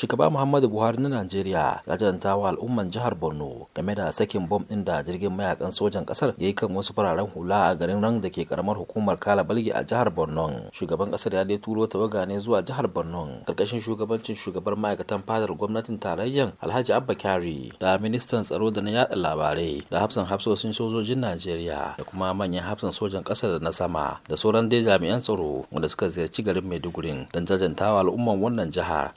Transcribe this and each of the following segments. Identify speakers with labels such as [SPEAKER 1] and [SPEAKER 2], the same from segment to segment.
[SPEAKER 1] shugaba muhammadu buhari na najeriya ya jadanta wa al'umman jihar borno game da sakin bom din da jirgin mayakan sojan kasar ya yi kan wasu fararen hula a garin rang da ke karamar hukumar kala balgi a jihar borno shugaban kasar ya dai turo tawaga ne zuwa jihar borno karkashin shugabancin shugabar ma'aikatan fadar gwamnatin tarayyan alhaji abba kyari da ministan tsaro da na yada labarai da hafsan hafsoshin sojojin najeriya da kuma manyan hafsan sojan kasar da na sama da sauran dai jami'an tsaro wanda suka ziyarci garin maiduguri don jajantawa al'umman wannan jihar.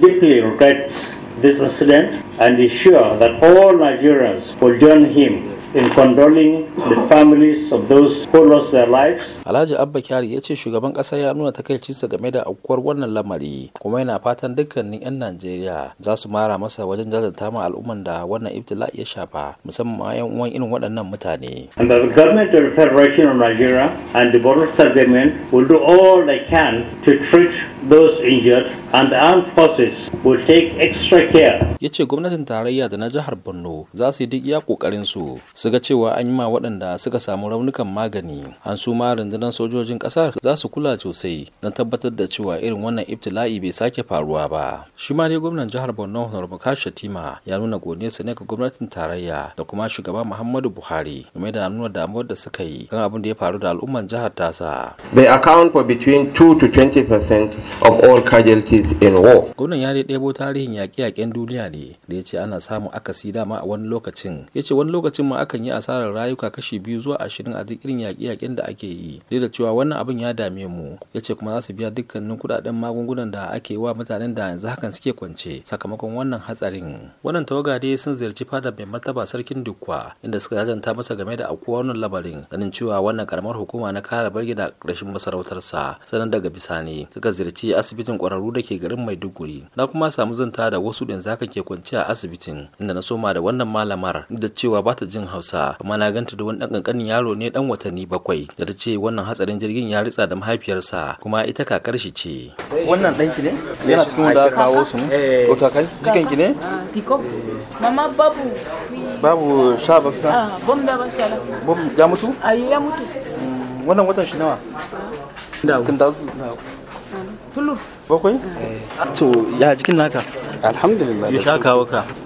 [SPEAKER 1] deeply regrets this incident and is sure that all Nigerians will join him in condoling the families of those who lost their lives. Alhaji Abba Kyari ya ce shugaban ƙasa ya nuna takaicinsa game da aukuwar wannan lamari kuma yana fatan dukkanin 'yan Najeriya za su mara masa wajen jajanta ma al'umman da wannan ibtila'i ya shafa musamman ma 'yan uwan irin waɗannan mutane. And the government of the Federation of Nigeria and the Border Government will do all they can to treat those injured and the armed forces will take extra care. Ya ce gwamnatin tarayya da na jihar Borno za su yi duk iya kokarin su su ga cewa an yi ma waɗanda suka samu raunukan magani. An su ma rundunar sojojin ƙasar za su kula sosai na tabbatar da cewa irin wannan ibtila'i bai sake faruwa ba. Shi ma ne gwamnan jihar Borno Honorable Kashi Shatima ya nuna godiyarsa ne ga gwamnatin tarayya da kuma shugaba Muhammadu Buhari game da nuna damuwar da suka yi kan abin da ya faru da al'umman jihar tasa. They account for between 2 to 20 percent of all casualties in war. Gwamnan ya dai ɗebo tarihin yaƙe-yaƙen duniya ne da ya ce ana samu akasi dama a wani lokacin. Ya ce wani lokacin ma akan yi asarar rayuka kashi biyu zuwa ashirin a duk irin yaƙe-yaƙen da ake yi. Duk da cewa wannan abin ya dame mu. Ya ce kuma za su biya dukkanin kuɗaɗen magungunan da ake wa mutanen da yanzu hakan suke kwance sakamakon wannan hatsarin. Wannan tawaga dai sun ziyarci Fada mai martaba sarkin Dukwa inda suka jajanta masa game da akuwa wannan labarin ganin cewa wannan karamar hukuma na kare barge da rashin masarautarsa sanan daga bisani suka ziyarci ce asibitin kwararru da ke garin maiduguri na kuma samu zanta da wasu din zaka ke kwanci a asibitin inda na soma da wannan malamar da cewa ba ta jin hausa amma na ganta da wani dan kankanin yaro ne dan watanni bakwai da ta ce wannan hatsarin jirgin ya ritsa da mahaifiyarsa kuma ita kakar shi ce wannan danki ne yana cikin wanda aka kawo su ne eh. ko kakar cikin ki ne tiko ah, mama babu babu sha ba ta ah, bom da ba sha bom ya mutu ayi ya mutu mm, wannan watan shi nawa ah. kun da Tulu. Bakwai? To ya jikin naka? Alhamdulillah. Ya sha kawo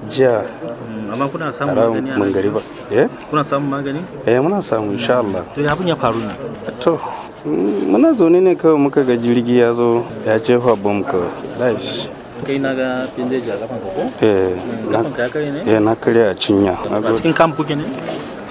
[SPEAKER 1] Jiya. Mm, amma kuna samun magani a Mangariba. Eh? Kuna samun magani? Eh muna samu insha Allah. To ya abin ya faru ne? To mm, muna zaune ne kawai muka ga jirgi ya zo ya jefa bom kawai. Daish. kai na ga bandeji a kafan ka ko? Eh. Mm, kafan ka kare ne? Eh na kare a cinya. Cikin kamp kuke ne?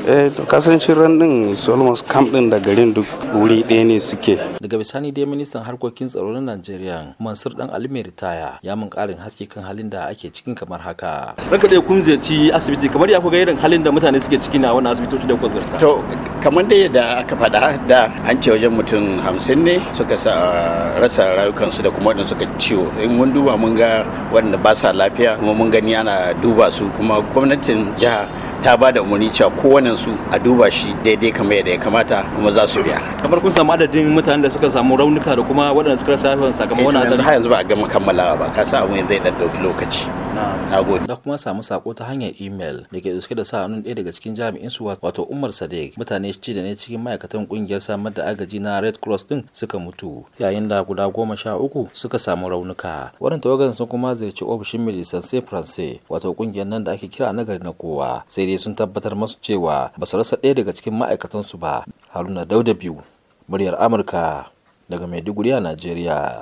[SPEAKER 1] eh to kasancin ran din almost camp din da garin duk wuri ɗaya ne suke daga bisani dai ministan harkokin tsaro na Najeriya Mansur Dan Ali mai ritaya ya mun karin haske kan halin da ake cikin kamar haka ranka dai kun ziyarci asibiti kamar ya ga irin halin da mutane suke ciki na wannan asibitoci da kwazarta to kamar dai da aka faɗa da an ce wajen mutum hamsin ne suka sa uh, rasa rayukansu da kuma waɗanda suka ciwo in mun duba mun ga waɗanda ba sa lafiya kuma mun gani ana duba su kuma gwamnatin jiha ta ba da umarni cewa kowannen su a duba shi daidai kamar yadda ya kamata kuma za su biya kamar kun samu adadin mutanen da suka samu raunuka da kuma waɗanda suka rasa sakamakon wannan eh, har yanzu ba a gama kammalawa ba ka sa abun zai ɗan ɗauki lokaci gode da kuma samu sako ta hanyar email da ke dauke da sa'anun ɗaya daga cikin jami'in su wato Umar Sadiq mutane shi da ne cikin ma'aikatan kungiyar samar da agaji na Red Cross din suka mutu yayin da guda goma sha uku suka samu raunuka wannan tawagar sun kuma ziyarci ofishin Milisan Sai France wato kungiyar nan da ake kira nagari na kowa sai dai sun tabbatar masu cewa ba su rasa ɗaya daga cikin ma'aikatan su ba Haruna Dauda biyu muryar Amurka daga Maiduguri a Najeriya